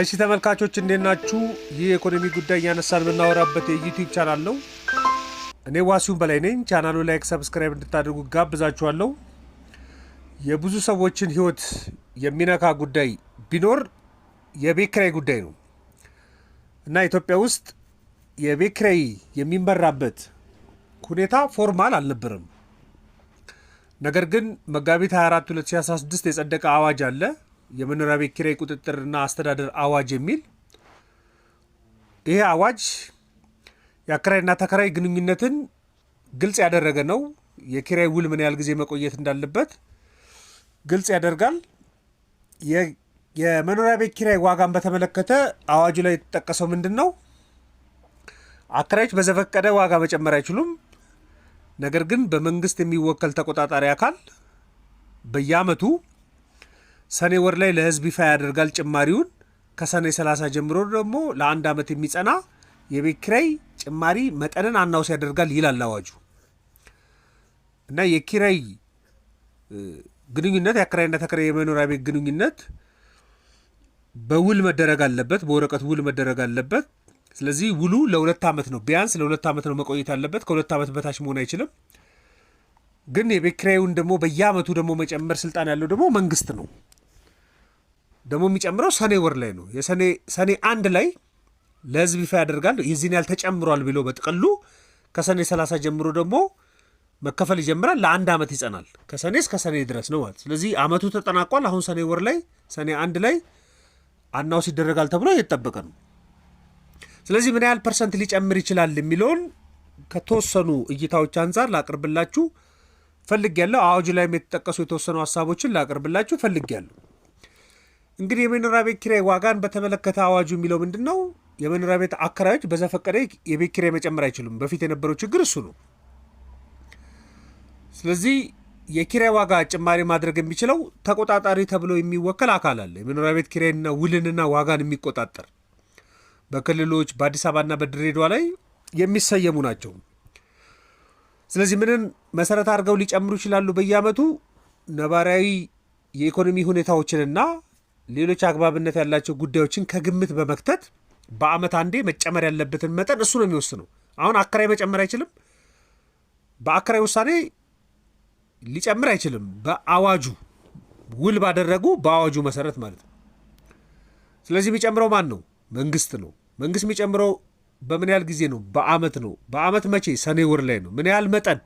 እሺ ተመልካቾች እንዴት ናችሁ? ይህ የኢኮኖሚ ጉዳይ እያነሳን የምናወራበት የዩቲዩብ ቻናል ነው። እኔ ዋሲሁን በላይ ነኝ። ቻናሉ ላይክ፣ ሰብስክራይብ እንድታደርጉ ጋብዛችኋለሁ። የብዙ ሰዎችን ሕይወት የሚነካ ጉዳይ ቢኖር የቤት ኪራይ ጉዳይ ነው እና ኢትዮጵያ ውስጥ የቤት ኪራይ የሚመራበት ሁኔታ ፎርማል አልነበረም። ነገር ግን መጋቢት 24 2016 የጸደቀ አዋጅ አለ፣ የመኖሪያ ቤት ኪራይ ቁጥጥርና አስተዳደር አዋጅ የሚል ይሄ አዋጅ የአከራይና ተከራይ ግንኙነትን ግልጽ ያደረገ ነው። የኪራይ ውል ምን ያህል ጊዜ መቆየት እንዳለበት ግልጽ ያደርጋል። የመኖሪያ ቤት ኪራይ ዋጋን በተመለከተ አዋጁ ላይ የተጠቀሰው ምንድን ነው? አከራዮች በዘፈቀደ ዋጋ መጨመር አይችሉም። ነገር ግን በመንግስት የሚወከል ተቆጣጣሪ አካል በየአመቱ ሰኔ ወር ላይ ለህዝብ ይፋ ያደርጋል ጭማሪውን። ከሰኔ 30 ጀምሮ ደግሞ ለአንድ ዓመት የሚጸና የቤት ኪራይ ጭማሪ መጠንን አናውስ ያደርጋል ይላል አዋጁ። እና የኪራይ ግንኙነት የአከራይና ተከራይ የመኖሪያ ቤት ግንኙነት በውል መደረግ አለበት፣ በወረቀት ውል መደረግ አለበት። ስለዚህ ውሉ ለሁለት ዓመት ነው፣ ቢያንስ ለሁለት ዓመት ነው መቆየት ያለበት። ከሁለት ዓመት በታች መሆን አይችልም። ግን የቤት ኪራዩን ደግሞ በየዓመቱ ደግሞ መጨመር ስልጣን ያለው ደግሞ መንግስት ነው። ደግሞ የሚጨምረው ሰኔ ወር ላይ ነው። ሰኔ አንድ ላይ ለህዝብ ይፋ ያደርጋል። የዚህን ያህል ተጨምሯል ብሎ በጥቅሉ ከሰኔ 30 ጀምሮ ደግሞ መከፈል ይጀምራል። ለአንድ ዓመት ይጸናል። ከሰኔ እስከ ሰኔ ድረስ ነው ማለት። ስለዚህ ዓመቱ ተጠናቋል። አሁን ሰኔ ወር ላይ ሰኔ አንድ ላይ አናውስ ይደረጋል ተብሎ እየተጠበቀ ነው። ስለዚህ ምን ያህል ፐርሰንት ሊጨምር ይችላል የሚለውን ከተወሰኑ እይታዎች አንጻር ላቅርብላችሁ ፈልግ ያለው አዋጁ ላይም የተጠቀሱ የተወሰኑ ሀሳቦችን ላቅርብላችሁ ፈልግ ያለው እንግዲህ የመኖሪያ ቤት ኪራይ ዋጋን በተመለከተ አዋጁ የሚለው ምንድን ነው? የመኖሪያ ቤት አከራዮች በዘፈቀደ የቤት ኪራይ መጨመር አይችሉም። በፊት የነበረው ችግር እሱ ነው። ስለዚህ የኪራይ ዋጋ ጭማሪ ማድረግ የሚችለው ተቆጣጣሪ ተብሎ የሚወከል አካል አለ። የመኖሪያ ቤት ኪራይና ውልንና ዋጋን የሚቆጣጠር በክልሎች በአዲስ አበባና በድሬዳዋ ላይ የሚሰየሙ ናቸው። ስለዚህ ምንን መሰረት አድርገው ሊጨምሩ ይችላሉ? በየአመቱ ነባራዊ የኢኮኖሚ ሁኔታዎችንና ሌሎች አግባብነት ያላቸው ጉዳዮችን ከግምት በመክተት በአመት አንዴ መጨመር ያለበትን መጠን እሱ ነው የሚወስነው። አሁን አከራይ መጨመር አይችልም። በአከራይ ውሳኔ ሊጨምር አይችልም። በአዋጁ ውል ባደረጉ በአዋጁ መሰረት ማለት ነው። ስለዚህ የሚጨምረው ማን ነው? መንግስት ነው። መንግስት የሚጨምረው በምን ያህል ጊዜ ነው? በአመት ነው። በአመት መቼ? ሰኔ ወር ላይ ነው። ምን ያህል መጠን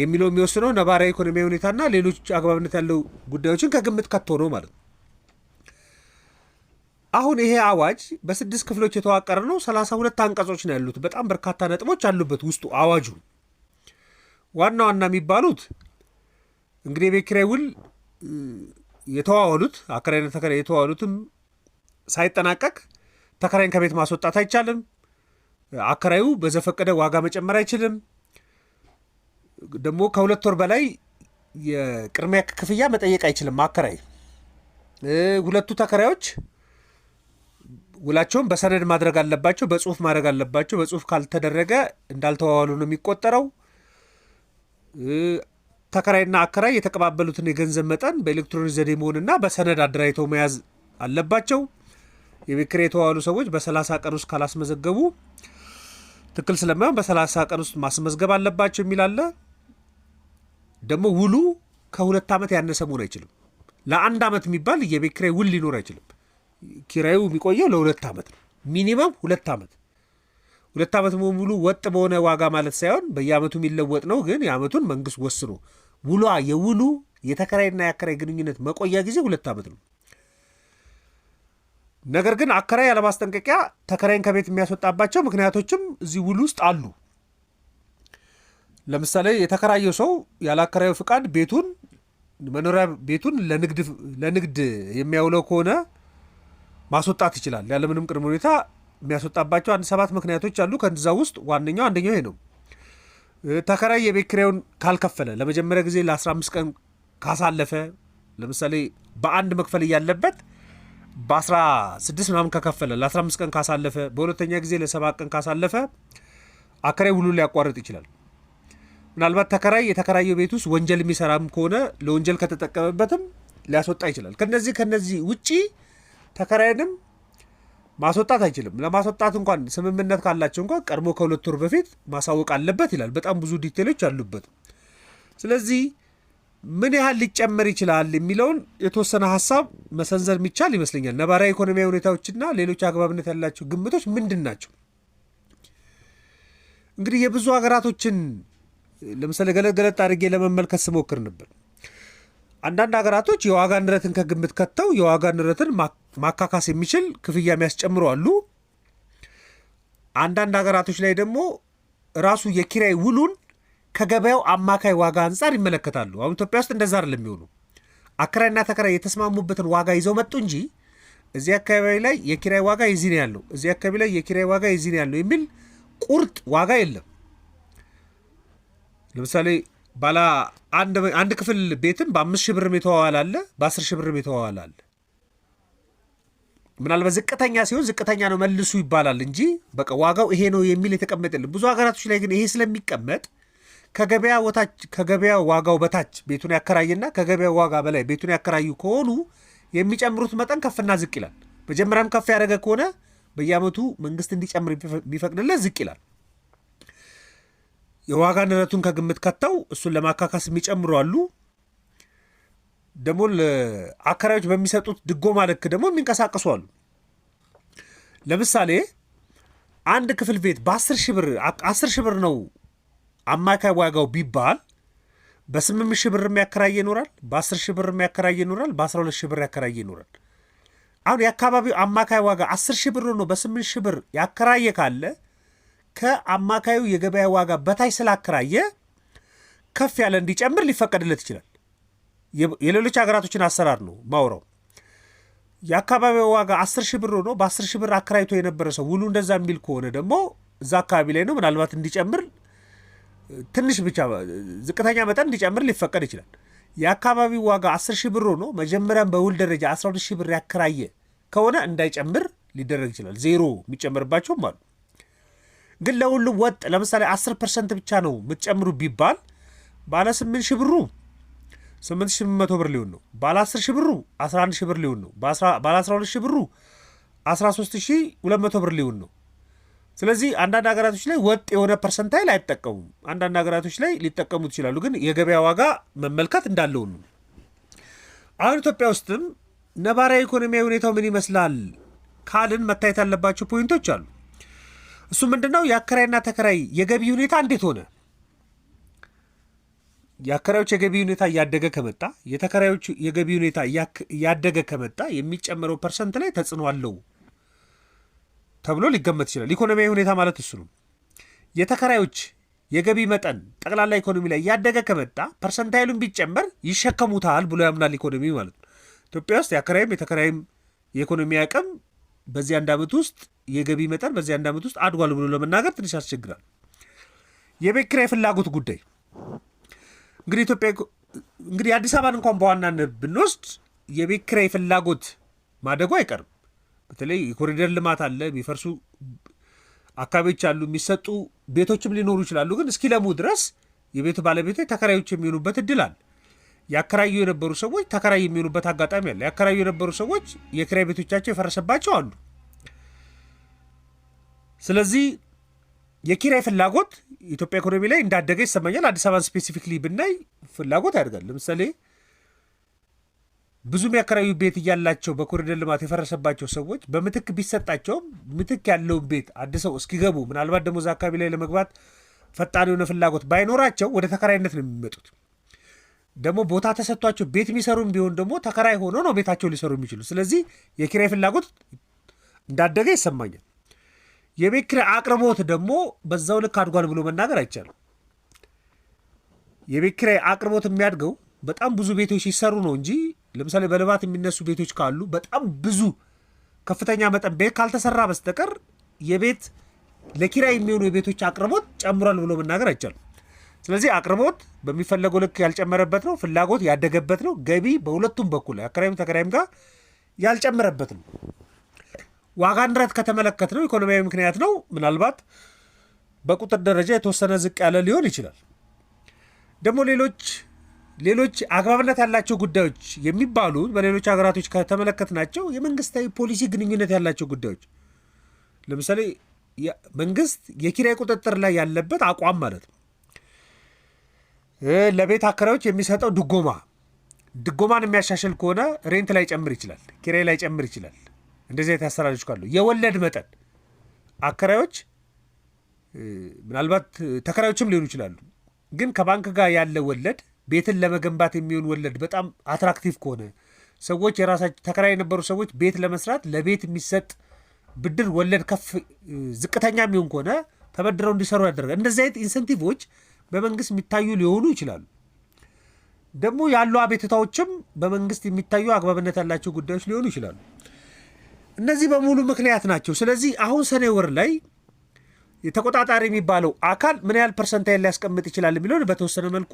የሚለው የሚወስነው ነባራዊ ኢኮኖሚያዊ ሁኔታና ሌሎች አግባብነት ያለው ጉዳዮችን ከግምት ከቶ ነው ማለት ነው። አሁን ይሄ አዋጅ በስድስት ክፍሎች የተዋቀረ ነው። ሰላሳ ሁለት አንቀጾች ነው ያሉት። በጣም በርካታ ነጥቦች አሉበት ውስጡ አዋጁ። ዋና ዋና የሚባሉት እንግዲህ የቤት ኪራይ ውል የተዋዋሉት አከራይነት ተከራይ የተዋዋሉትም ሳይጠናቀቅ ተከራይን ከቤት ማስወጣት አይቻልም። አከራዩ በዘፈቀደ ዋጋ መጨመር አይችልም። ደግሞ ከሁለት ወር በላይ የቅድሚያ ክፍያ መጠየቅ አይችልም አከራይ። ሁለቱ ተከራዮች ውላቸውን በሰነድ ማድረግ አለባቸው፣ በጽሁፍ ማድረግ አለባቸው። በጽሁፍ ካልተደረገ እንዳልተዋዋሉ ነው የሚቆጠረው። ተከራይና አከራይ የተቀባበሉትን የገንዘብ መጠን በኤሌክትሮኒክ ዘዴ መሆንና በሰነድ አደራጅተው መያዝ አለባቸው። የቤክሬ የተዋሉ ሰዎች በሰላሳ ቀን ውስጥ ካላስመዘገቡ ትክክል ስለማይሆን በሰላሳ ቀን ውስጥ ማስመዝገብ አለባቸው የሚል አለ። ደግሞ ውሉ ከሁለት ዓመት ያነሰ መሆን አይችልም። ለአንድ ዓመት የሚባል የቤት ኪራይ ውል ሊኖር አይችልም። ኪራዩ የሚቆየው ለሁለት ዓመት ነው። ሚኒመም ሁለት ዓመት ሁለት ዓመት ሙሉ ወጥ በሆነ ዋጋ ማለት ሳይሆን በየዓመቱ የሚለወጥ ነው። ግን የዓመቱን መንግስት ወስኖ ውሏ የውሉ የተከራይና የአከራይ ግንኙነት መቆያ ጊዜ ሁለት ዓመት ነው። ነገር ግን አከራይ ያለማስጠንቀቂያ ተከራይን ከቤት የሚያስወጣባቸው ምክንያቶችም እዚህ ውል ውስጥ አሉ። ለምሳሌ የተከራየው ሰው ያለ አከራዩ ፍቃድ ቤቱን መኖሪያ ቤቱን ለንግድ የሚያውለው ከሆነ ማስወጣት ይችላል። ያለምንም ቅድመ ሁኔታ የሚያስወጣባቸው አንድ ሰባት ምክንያቶች አሉ። ከእንዛ ውስጥ ዋነኛው አንደኛው ይሄ ነው። ተከራይ የቤት ኪራዩን ካልከፈለ ለመጀመሪያ ጊዜ ለ15 ቀን ካሳለፈ፣ ለምሳሌ በአንድ መክፈል እያለበት በ16 ምናምን ከከፈለ ለ15 ቀን ካሳለፈ በሁለተኛ ጊዜ ለሰባት ቀን ካሳለፈ አከራይ ውሉን ሊያቋርጥ ይችላል። ምናልባት ተከራይ የተከራየው ቤት ውስጥ ወንጀል የሚሰራም ከሆነ ለወንጀል ከተጠቀመበትም ሊያስወጣ ይችላል። ከነዚህ ከነዚህ ውጪ ተከራይንም ማስወጣት አይችልም። ለማስወጣት እንኳን ስምምነት ካላቸው እንኳን ቀድሞ ከሁለት ወር በፊት ማሳወቅ አለበት ይላል። በጣም ብዙ ዲቴሎች አሉበት። ስለዚህ ምን ያህል ሊጨመር ይችላል የሚለውን የተወሰነ ሀሳብ መሰንዘር የሚቻል ይመስለኛል። ነባራዊ ኢኮኖሚያዊ ሁኔታዎችና ሌሎች አግባብነት ያላቸው ግምቶች ምንድን ናቸው? እንግዲህ የብዙ ሀገራቶችን ለምሳሌ ገለጥ ገለጥ አድርጌ ለመመልከት ስሞክር ነበር። አንዳንድ ሀገራቶች የዋጋ ንረትን ከግምት ከተው የዋጋ ንረትን ማካካስ የሚችል ክፍያ የሚያስጨምሩ አሉ። አንዳንድ ሀገራቶች ላይ ደግሞ ራሱ የኪራይ ውሉን ከገበያው አማካይ ዋጋ አንጻር ይመለከታሉ። አሁን ኢትዮጵያ ውስጥ እንደዛ አይደለም የሚሆኑ አከራይና ተከራይ የተስማሙበትን ዋጋ ይዘው መጡ እንጂ እዚህ አካባቢ ላይ የኪራይ ዋጋ የዚህ ነው ያለው፣ እዚህ አካባቢ ላይ የኪራይ ዋጋ የዚህ ነው ያለው የሚል ቁርጥ ዋጋ የለም። ለምሳሌ ባለ አንድ ክፍል ቤትም በአምስት ሺህ ብር የተዋዋል አለ፣ በአስር ሺህ ብር የተዋዋል አለ። ምናልባት ዝቅተኛ ሲሆን ዝቅተኛ ነው መልሱ ይባላል እንጂ በቃ ዋጋው ይሄ ነው የሚል የተቀመጠልን ብዙ ሀገራቶች ላይ ግን ይሄ ስለሚቀመጥ ከገበያ ዋጋው በታች ቤቱን ያከራይና ከገበያ ዋጋ በላይ ቤቱን ያከራዩ ከሆኑ የሚጨምሩት መጠን ከፍና ዝቅ ይላል። መጀመሪያም ከፍ ያደረገ ከሆነ በየዓመቱ መንግስት እንዲጨምር ቢፈቅድለት ዝቅ ይላል። የዋጋ ንረቱን ከግምት ከተው እሱን ለማካካስ የሚጨምሩ አሉ። ደግሞ አከራዮች በሚሰጡት ድጎማ ልክ ደግሞ የሚንቀሳቀሱ አሉ። ለምሳሌ አንድ ክፍል ቤት በአስር ሺህ ብር አስር ሺህ ብር ነው አማካይ ዋጋው ቢባል በስምንት ሺህ ብር የሚያከራይ ይኖራል፣ በአስር ሺህ ብር የሚያከራይ ይኖራል፣ በአስራ ሁለት ሺህ ብር ያከራይ ይኖራል። አሁን የአካባቢው አማካይ ዋጋ አስር ሺህ ብር ሆኖ በስምንት ሺህ ብር ያከራየ ካለ ከአማካዩ የገበያ ዋጋ በታች ስላከራየ ከፍ ያለ እንዲጨምር ሊፈቀድለት ይችላል። የሌሎች ሀገራቶችን አሰራር ነው ማውራው። የአካባቢው ዋጋ አስር ሺህ ብር ሆኖ በአስር ሺህ ብር አከራይቶ የነበረ ሰው ውሉ እንደዛ የሚል ከሆነ ደግሞ እዛ አካባቢ ላይ ነው ምናልባት እንዲጨምር ትንሽ ብቻ ዝቅተኛ መጠን እንዲጨምር ሊፈቀድ ይችላል። የአካባቢው ዋጋ 10 ሺህ ብር ሆኖ መጀመሪያም በውል ደረጃ 12 ሺህ ብር ያከራየ ከሆነ እንዳይጨምር ሊደረግ ይችላል። ዜሮ የሚጨምርባቸውም አሉ። ግን ለሁሉ ወጥ ለምሳሌ 10 ፐርሰንት ብቻ ነው የምትጨምሩ ቢባል ባለ 8 ብሩ 8800 ብር ሊሆን ነው። ባለ 1 ብሩ 11 ሺህ ብር ሊሆን ነው። ባለ 12 ብሩ 1320 ብር ሊሆን ነው። ስለዚህ አንዳንድ ሀገራቶች ላይ ወጥ የሆነ ፐርሰንታይል አይጠቀሙም። አንዳንድ ሀገራቶች ላይ ሊጠቀሙ ይችላሉ። ግን የገበያ ዋጋ መመልከት እንዳለው። ነው። አሁን ኢትዮጵያ ውስጥም ነባራዊ ኢኮኖሚያዊ ሁኔታው ምን ይመስላል ካልን መታየት ያለባቸው ፖይንቶች አሉ። እሱ ምንድነው? የአከራይና ተከራይ የገቢ ሁኔታ እንዴት ሆነ? የአከራዮች የገቢ ሁኔታ እያደገ ከመጣ የተከራዮች የገቢ ሁኔታ እያደገ ከመጣ የሚጨመረው ፐርሰንት ላይ ተጽዕኖ አለው ተብሎ ሊገመት ይችላል። ኢኮኖሚያዊ ሁኔታ ማለት እሱ ነው። የተከራዮች የገቢ መጠን ጠቅላላ ኢኮኖሚ ላይ እያደገ ከመጣ ፐርሰንታይሉን ቢጨመር ይሸከሙታል ብሎ ያምናል ኢኮኖሚ ማለት ነው። ኢትዮጵያ ውስጥ የአከራይም የተከራይም የኢኮኖሚ አቅም በዚህ አንድ ዓመት ውስጥ የገቢ መጠን በዚህ አንድ ዓመት ውስጥ አድጓል ብሎ ለመናገር ትንሽ ያስቸግራል። የቤት ኪራይ ፍላጎት ጉዳይ እንግዲህ ኢትዮጵያ እንግዲህ አዲስ አበባን እንኳን በዋናነት ብንወስድ የቤት ኪራይ ፍላጎት ማደጉ አይቀርም። በተለይ የኮሪደር ልማት አለ። የሚፈርሱ አካባቢዎች አሉ። የሚሰጡ ቤቶችም ሊኖሩ ይችላሉ። ግን እስኪለሙ ድረስ የቤቱ ባለቤቶች ተከራዮች የሚሆኑበት እድል አለ። ያከራዩ የነበሩ ሰዎች ተከራይ የሚሆኑበት አጋጣሚ አለ። ያከራዩ የነበሩ ሰዎች የኪራይ ቤቶቻቸው የፈረሰባቸው አሉ። ስለዚህ የኪራይ ፍላጎት ኢትዮጵያ ኢኮኖሚ ላይ እንዳደገ ይሰማኛል። አዲስ አበባን ስፔሲፊክሊ ብናይ ፍላጎት ያድጋል። ለምሳሌ ብዙ ያከራዩ ቤት እያላቸው በኮሪደር ልማት የፈረሰባቸው ሰዎች በምትክ ቢሰጣቸውም ምትክ ያለውን ቤት አድሰው እስኪገቡ ምናልባት ደግሞ እዛ አካባቢ ላይ ለመግባት ፈጣን የሆነ ፍላጎት ባይኖራቸው ወደ ተከራይነት ነው የሚመጡት። ደግሞ ቦታ ተሰጥቷቸው ቤት የሚሰሩም ቢሆን ደግሞ ተከራይ ሆኖ ነው ቤታቸው ሊሰሩ የሚችሉ። ስለዚህ የኪራይ ፍላጎት እንዳደገ ይሰማኛል። የቤት ኪራይ አቅርቦት ደግሞ በዛው ልክ አድጓል ብሎ መናገር አይቻልም። የቤት ኪራይ አቅርቦት የሚያድገው በጣም ብዙ ቤቶች ሲሰሩ ነው እንጂ ለምሳሌ በልማት የሚነሱ ቤቶች ካሉ በጣም ብዙ ከፍተኛ መጠን ቤት ካልተሰራ በስተቀር የቤት ለኪራይ የሚሆኑ የቤቶች አቅርቦት ጨምሯል ብሎ መናገር አይቻልም። ስለዚህ አቅርቦት በሚፈለገው ልክ ያልጨመረበት ነው፣ ፍላጎት ያደገበት ነው፣ ገቢ በሁለቱም በኩል አከራይም ተከራይም ጋር ያልጨመረበት ነው። ዋጋ ንረት ከተመለከት ነው ኢኮኖሚያዊ ምክንያት ነው። ምናልባት በቁጥር ደረጃ የተወሰነ ዝቅ ያለ ሊሆን ይችላል። ደግሞ ሌሎች ሌሎች አግባብነት ያላቸው ጉዳዮች የሚባሉ በሌሎች ሀገራቶች ከተመለከትናቸው የመንግስታዊ ፖሊሲ ግንኙነት ያላቸው ጉዳዮች ለምሳሌ መንግስት የኪራይ ቁጥጥር ላይ ያለበት አቋም ማለት ነው። ለቤት አከራዮች የሚሰጠው ድጎማ ድጎማን የሚያሻሽል ከሆነ ሬንት ላይ ጨምር ይችላል፣ ኪራይ ላይ ጨምር ይችላል። እንደዚህ አይነት ካሉ የወለድ መጠን አከራዮች ምናልባት ተከራዮችም ሊሆኑ ይችላሉ፣ ግን ከባንክ ጋር ያለ ወለድ ቤትን ለመገንባት የሚሆን ወለድ በጣም አትራክቲቭ ከሆነ ሰዎች የራሳቸው ተከራይ የነበሩ ሰዎች ቤት ለመስራት ለቤት የሚሰጥ ብድር ወለድ ከፍ ዝቅተኛ የሚሆን ከሆነ ተበድረው እንዲሰሩ ያደረጋል። እንደዚህ አይነት ኢንሴንቲቮች በመንግስት የሚታዩ ሊሆኑ ይችላሉ። ደግሞ ያሉ አቤትታዎችም በመንግስት የሚታዩ አግባብነት ያላቸው ጉዳዮች ሊሆኑ ይችላሉ። እነዚህ በሙሉ ምክንያት ናቸው። ስለዚህ አሁን ሰኔ ወር ላይ የተቆጣጣሪ የሚባለው አካል ምን ያህል ፐርሰንታይል ሊያስቀምጥ ይችላል የሚለውን በተወሰነ መልኩ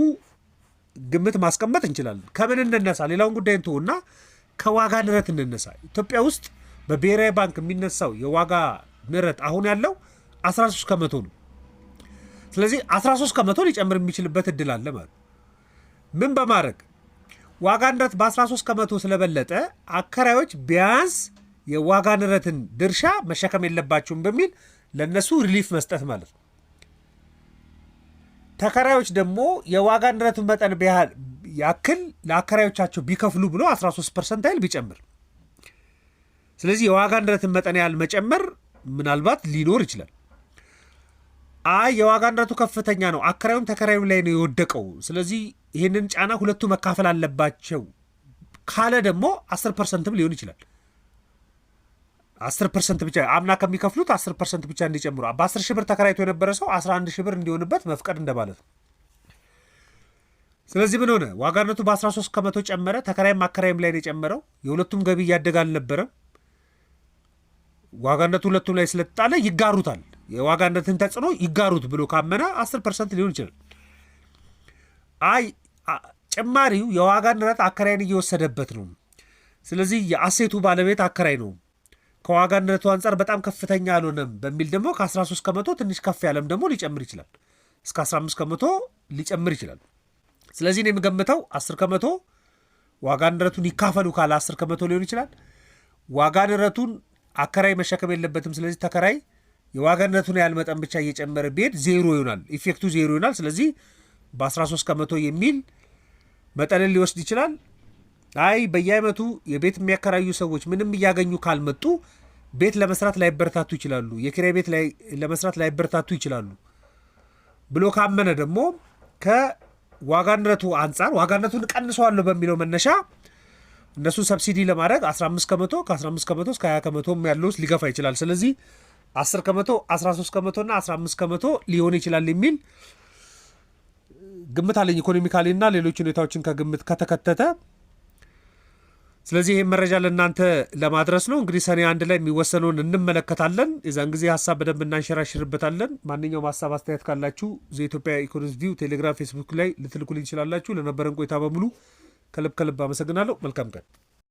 ግምት ማስቀመጥ እንችላለን። ከምን እንነሳ? ሌላውን ጉዳይ እንትሁና ከዋጋ ንረት እንነሳ። ኢትዮጵያ ውስጥ በብሔራዊ ባንክ የሚነሳው የዋጋ ንረት አሁን ያለው 13 ከመቶ ነው። ስለዚህ 13 ከመቶ ሊጨምር የሚችልበት እድል አለ ማለት ምን በማድረግ ዋጋ ንረት በ13 ከመቶ ስለበለጠ አከራዮች ቢያንስ የዋጋ ንረትን ድርሻ መሸከም የለባቸውም በሚል ለእነሱ ሪሊፍ መስጠት ማለት ነው። ተከራዮች ደግሞ የዋጋ ንረቱን መጠን ያክል ለአከራዮቻቸው ቢከፍሉ ብሎ 13 ፐርሰንት ያህል ቢጨምር ስለዚህ የዋጋ ንረትን መጠን ያህል መጨመር ምናልባት ሊኖር ይችላል። አይ የዋጋ ንረቱ ከፍተኛ ነው፣ አከራዩም ተከራዩም ላይ ነው የወደቀው፣ ስለዚህ ይህንን ጫና ሁለቱ መካፈል አለባቸው ካለ ደግሞ 10 ፐርሰንትም ሊሆን ይችላል። አስር ፐርሰንት ብቻ አምና ከሚከፍሉት አስር ፐርሰንት ብቻ እንዲጨምሩ በአስር ሺህ ብር ተከራይቶ የነበረ ሰው አስራ አንድ ሺህ ብር እንዲሆንበት መፍቀድ እንደማለት ነው። ስለዚህ ምን ሆነ? ዋጋነቱ በ13 ከመቶ ጨመረ። ተከራይም አከራይም ላይ ነው የጨመረው። የሁለቱም ገቢ እያደገ አልነበረም። ዋጋነቱ ሁለቱም ላይ ስለተጣለ ይጋሩታል። የዋጋነትን ተጽዕኖ ይጋሩት ብሎ ካመነ አስር ፐርሰንት ሊሆን ይችላል። አይ ጭማሪው የዋጋ ንረት አከራይን እየወሰደበት ነው። ስለዚህ የአሴቱ ባለቤት አከራይ ነው። ከዋጋ አንጻር በጣም ከፍተኛ አልሆነም በሚል ደግሞ ከ13 ከመቶ ትንሽ ከፍ ያለም ደግሞ ሊጨምር ይችላል። እስከ 15 ከመቶ ሊጨምር ይችላል። ስለዚህ ነው የምገምተው 10 ከመቶ ዋጋ ንረቱን ይካፈሉ ካለ 10 ከመቶ ሊሆን ይችላል። ዋጋ ንረቱን አከራይ መሸከም የለበትም። ስለዚህ ተከራይ የዋጋ ንረቱን ያህል መጠን ብቻ እየጨመረ ቢሄድ ዜሮ ይሆናል፣ ኢፌክቱ ዜሮ ይሆናል። ስለዚህ በ13 ከመቶ የሚል መጠንን ሊወስድ ይችላል። አይ በየአይመቱ የቤት የሚያከራዩ ሰዎች ምንም እያገኙ ካልመጡ ቤት ለመስራት ላይበረታቱ ይችላሉ፣ የኪራይ ቤት ለመስራት ላይበረታቱ ይችላሉ ብሎ ካመነ ደግሞ ከዋጋ ንረቱ አንጻር ዋጋ ንረቱን ቀንሰዋለሁ በሚለው መነሻ እነሱን ሰብሲዲ ለማድረግ 15 ከመቶ ከ15 ከመቶ እስከ 20 ከመቶ ያለውስ ሊገፋ ይችላል። ስለዚህ 10 ከመቶ 13 ከመቶ እና 15 ከመቶ ሊሆን ይችላል የሚል ግምት አለኝ። ኢኮኖሚካሊ እና ሌሎች ሁኔታዎችን ከግምት ከተከተተ ስለዚህ ይህም መረጃ ለእናንተ ለማድረስ ነው። እንግዲህ ሰኔ አንድ ላይ የሚወሰነውን እንመለከታለን። የዛን ጊዜ ሀሳብ በደንብ እናንሸራሽርበታለን። ማንኛውም ሀሳብ አስተያየት ካላችሁ ዘኢትዮጵያ ኢኮኖሚስ ቪው ቴሌግራም፣ ፌስቡክ ላይ ልትልኩልኝ ይችላላችሁ። ለነበረን ቆይታ በሙሉ ከልብ ከልብ አመሰግናለሁ። መልካም ቀን